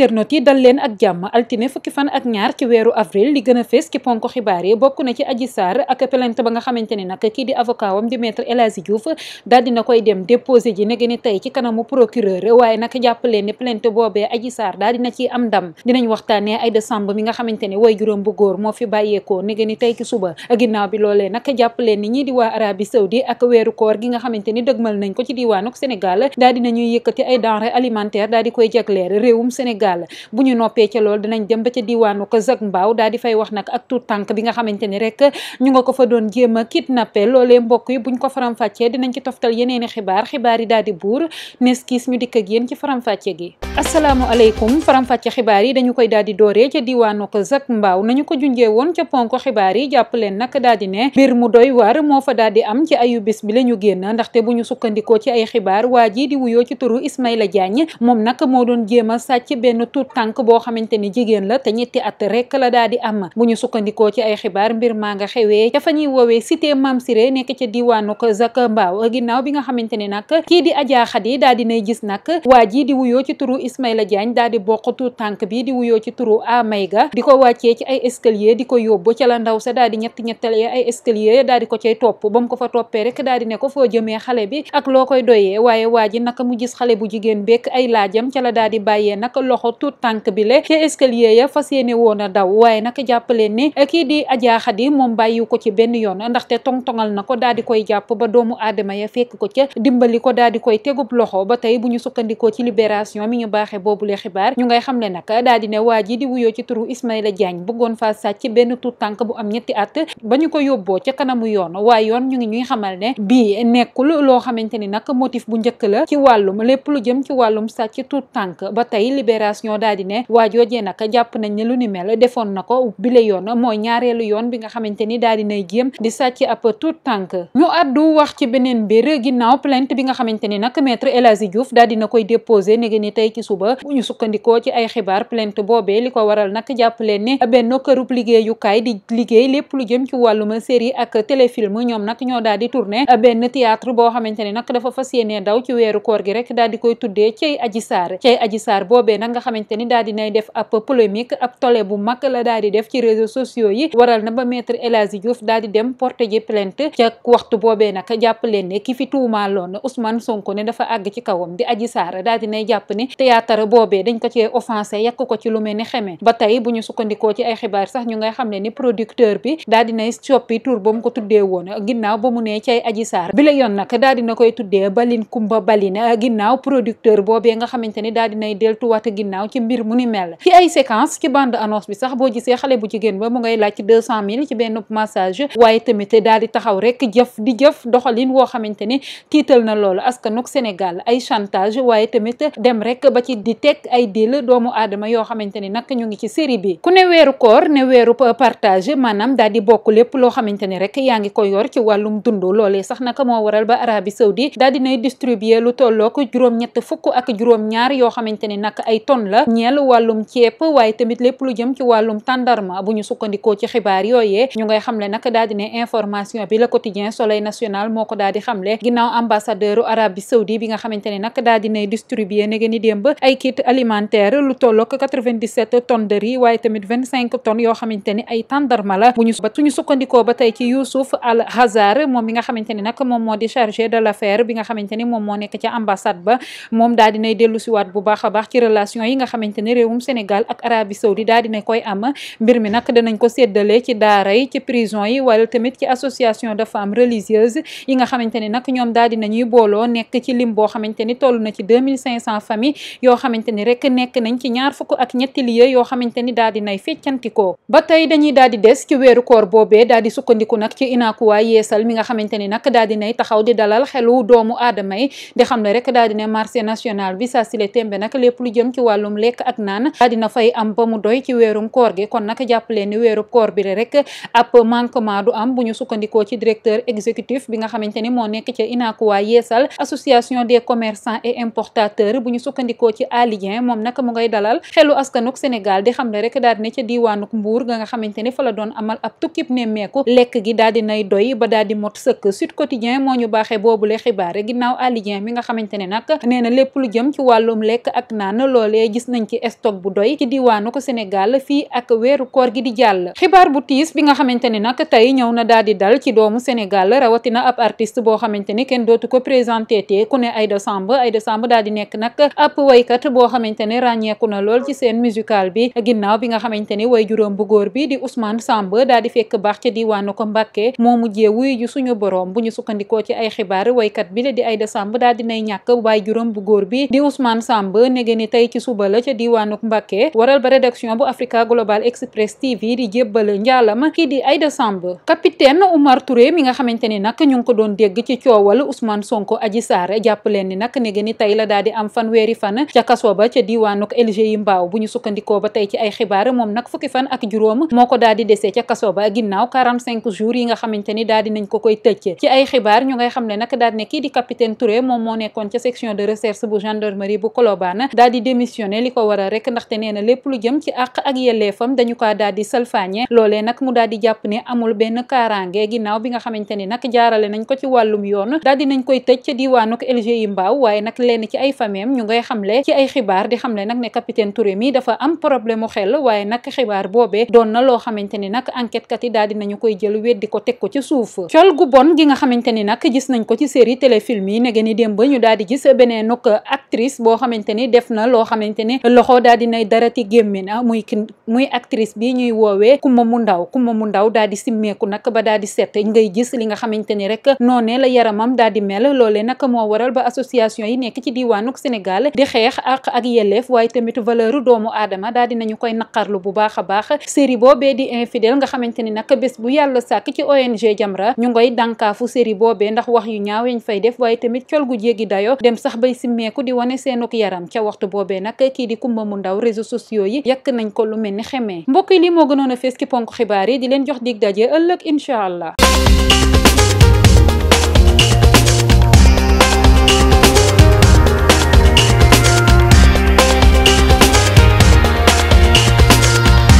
internet yi dal leen ak jàmm altine fukki fan ak ñaar ci weeru avril li gën a fees ci ponk xibaar yi bokk na ci Adji Sarr ak plainte ba nga xamante ne nag kii di avocat waaye nag jàpp leen plainte boobee Adji Sarr daal dina ciy am ndam dinañ waxtaanee Aïda Samb mi nga xamante ne way juróom bu góor moo fi bàyyeekoo negeni tey ci suba ginnaaw bi loolee nag jàpp leen ñii di waa Arabie Saoudi ak weeru koor gi nga xamante ni dëgmal nañ ko ci diiwaanuk Sénégal daal yàlla bu ñu noppee ca loolu dinañ dem ba ca diwaanu ko Zac Mbao daal di fay wax nag ak tout tànk bi nga xamante ni rek ñu nga ko fa doon jéem a kidnappé loolee mbokk yi buñ ko faram-fàccee dinañ ci toftal yeneeni xibaar xibaar yi daal di buur nes ñu dikk ak yéen ci faram-fàcce gi asalaamualeykum faram-fàcce xibaar yi dañu koy daal di dooree ca diwaanu ko Zac Mbao nañu ko junjee woon ca ponk xibaar yi jàpp leen nag daal di ne mbir mu doy waar moo fa daal am ci ayu bis la ñu génn ndaxte bu ñu sukkandikoo ci ci turu Ismaïla Diagne moom nag moo doon a benn tuut tànk boo xamante ni jigéen la te ñetti at rek la daa di am ñu sukkandikoo ci ay xibaar mbir maa nga xewee dafa ñuy woowee cité Mam Siré nekk ca diwaanu ko Zac Mbao ginnaaw bi nga xamante ni nag kii di Adja Khady daa di nay gis nag waa ji di wuyoo ci turu Ismaïla Diagne daa di bokk tuut tànk bi di wuyoo ci turu ga di ko wàccee ci ay escalier di ko yóbbu ca la ndaw sa daa di ñetti ñettalee ay escalier daa di ko cay topp ba mu ko fa toppee rek daa di ne ko foo jëmee xale bi ak loo koy doyee waaye waa ji bu jigéen bekk ay laajam ca la daa di bàyyee nag tout tank bi le ke escalier ya fasiyene wona daw way nak jappale ni e ki di Adja Khady moom bàyyiwu ko ci yon ndax te tongtongal na ko dal di koy japp ba doomu adama ya fekk ko ci dimbali ko dal di koy tegub loxo ba tay buñu sukkandiko ci liberation mi ñu bobu le xibar ñu ngay xamle nak dal di ne waji di wuyo ci turu Ismaïla Diagne bëggoon faa sàcc ben tout tank bu am ñetti at bañu ko yobbo ci kanamu yon way yon ñu ngi ñuy xamal ne bii nekkul lo xamanteni nak motif bu ñëkk la ci walum lepp lu jëm ci wàllum sàcc tout tank ba tay liberation Seras ñoo daal di ne waa joojee jàpp nañ ne lu ni mel defoon na ko bile yoon mooy ñaareelu yoon bi nga xamante ni daal di nay jéem di sàcc ab tout tànk ñu addu wax ci beneen mbir ginnaaw plainte bi nga xamante ni nag maître El Hadji Diouf daal dina koy déposé ni ni tey ci suba ñu sukkandikoo ci ay xibaar plainte boobee li ko waral nag jàpp leen ne benn kërub liggéeyukaay di liggéey lépp lu jëm ci wàllum série ak téléfilm ñoom nag ñoo daal di tourné benn théâtre boo xamante ni nag dafa fas yéenee daw ci weeru koor gi rek daal di koy tuddee cey aji saar cey aji nga xamante ni daal dinay def ab polémique ab tole bu mag la daal di def ci réseaux sociaux yi waral na ba maître El Hadji Diouf di dem porter ji plainte ca waxtu boobee nag jàpp leen ne ki fi tuumaaloon Ousmane Sonko ne dafa àgg di Adji Sarr daal dinay jàpp ne théâtre boobee dañ ko cee offensé yàq ko ci lu mel ni xeme ba tey bu ñu sukkandikoo ci ay xibaar sax ñu ngay xam ne ni producteur bi daal dinay soppi tur ba mu ko tuddee woon ginnaaw ba mu nee cay Adji Sarr bi la yoon nag daal dina koy ginnaaw ci mbir mu ni mel ci ay séquence ci bande annonce bi sax boo gisee xale bu jigéen ba mu ngay laaj ci deux mille ci benn massage waaye tamit daal di taxaw rek jëf di jëf doxalin woo xamante ni tiital na lool loolu askanug Sénégal ay chantage waaye tamit dem rek ba ci di teg ay deal doomu aadama yoo xamante ni nag ñu ngi ci série bi ku ne weeru koor ne weeru partage maanaam daal di bokk lépp loo xamante ni rek yaa ngi ko yor ci wàllum dund loolee sax naka moo waral ba ar lu tollook juróom-ñett fukk ak juróom ñaar yoo xamante yoon la ñeel walum ciep waye tamit lepp lu jëm ci walum tandarma buñu sukkandiko ci xibaar yoyé ñu ngay xamlé nak daal di ne information bi le quotidien soleil national moko daal di xamlé ginnaw ambassadeur arabie saoudi bi nga xamante nak daal di né distribuer ne ngeen demb ay kit alimentaire lu tolloog 97 tonnes de riz waye tamit 25 tonnes yo xamante ay tandarma la buñu ba suñu ba ci Youssouf Al Hazar mom mi nga xamante nak mom moom di chargé de l'affaire bi nga xamante mom mo nek ci ambassade ba mom daal dinay dellu wat bu baaxa baax ci relation yi nga xamante ni réewum Sénégal ak Arabie Saoudi daal dina koy am mbir mi nag danañ ko séddale ci daara yi ci prison yi wala tamit ci association de femmes religieuses yi nga xamante ni nag ñoom daal dinañuy booloo nekk ci lim boo xamante ni toll na ci deux mille cinq cent famille yoo xamante ni rek nekk nañ ci ñaar fukk ak ñetti lieu yoo xamante ni daal dinay feccantikoo ba tey dañuy daal des ci weeru koor boobee daal sukkandiku nag ci inaakuwaay yeesal mi ni nag daal di dalal xelu di xam ne rek daal dina marché national bi saa walum lek ak nan dina fay am ba mu doy ci weerum koor gi kon nag jàppaleen ni weerub koor bi rek ap manquement du am bu ñu sukkandikoo ci directeur exécutif bi nga xamanteni mo nekk ca inaakuwaa association des commerçants et importateurs bu ñu ci alien mom nag mu ngay dalal xelu askanuk Sénégal di xam ne rek daal dina ci diwanuk mbour nga xamanteni fa la doon amal ap tukip nemmeeku lek gi daal di nay doy ba daal di mot seuk Sud Quotidien mo ñu bobu boobule xibaare ginnaw alien mi nga xamanteni nak nag lepp lu jëm ci walum lek ak nan lolé gis nañ ci stock bu doy ci diwaanu ko Sénégal fii ak weeru koor gi di jàll xibaar bu tiis bi nga xamante ni nag tey ñëw na daal di dal ci doomu Sénégal rawatina ab artiste boo xamante ni kenn dootu ko présenté te ku ne Aïda Samb Aïda Samb daal di nekk nag ab waykat boo xamante ne ràññeeku na lool ci seen musical bi ginnaaw bi nga xamante ni way juróom bu góor bi di Ousmane Samb daal di fekk baax ca diwaanu ko Mbàkke moo mujjee wuyu ju suñu borom bu ñu sukkandikoo ci ay xibaar waykat bi di Aïda Samb daal nay ñàkk waay juróom bu bi di Ousmane Samb nege ni Koubala ca diwaanuk Mbacké waral ba rédaction bu Africa Global Express TV di jébbal njaalam kii di Aïda Samb capitaine Oumar Touré mi nga xamante ni nag ñu ngi ko doon dégg ci coowal Ousmane Sonko Adji Sarr jàpp leen ni nag nege ni tey la daal di am fanweeri fan ca kaso ba ca diwaanuk LGI Mbao bu ñu sukkandikoo ba tey ci ay xibaar moom nag fukki fan ak juróom moo ko daal desee ca kaso ba ginnaaw jours yi nga xamante ni daal nañ ko koy tëj ci ay xibaar ne liko wara rek ndaxte nee na lépp lu jëm ci ak ak yelefam dañu ko daldi di lolé nak mu daldi japp ne amul ben karangé ginaaw bi nga xamanteni nak nag jaarale nañ ko ci walum yoon daldi nañ koy tecc ci diwanuk LGI Mbaw waaye nak lén ci ay ñu ngay xamlé ci ay xibaar di xamlé nak ne capitaine Touré mi dafa am problème xel waaye nak xibaar bobé doon na lo xamanteni nak enquête kat yi sufu. nañ koy jël wéddi ko tek ko ci suuf ciol gu bon gi nga xamanteni nak gis nañ ko ci série téléfilm yi nege ni démb ñu daldi gis benen nok actrice bo xamanteni def na lo xamante daal di nay darati gémmi na ah, muy ki muy actrice bi ñuy woowee Kumba mu ndaw Kumba mu ndaw daal di simmeeku nag ba daal di set ngay gis li nga xamante ni rek noonee la yaramam daal di mel loolee nag moo waral ba association yi nekk ci diwaanuk Sénégal di xeex ak ak yelleef waaye tamit valeur doomu aadama daal di nañu koy naqarlu bu baax a baax série boobee di infidèle nga xamante ni nag bés bu yàlla sàkk ci ONG Jamra ñu ngoy dànkaafu série boobee ndax wax yu ñaaw fay def waaye tamit col gu jéggi dayo dem sax bay simmeeku di wane seenuk yaram ca waxtu boobee nag ak kii di Coumba Mou Ndaw réseaux sociaux yi yàq nañ ko lu mel ni xemee mbokk yi lii moo gënoon a fees ki ponk xibaar yi di leen jox dig daje ëllëg incha allah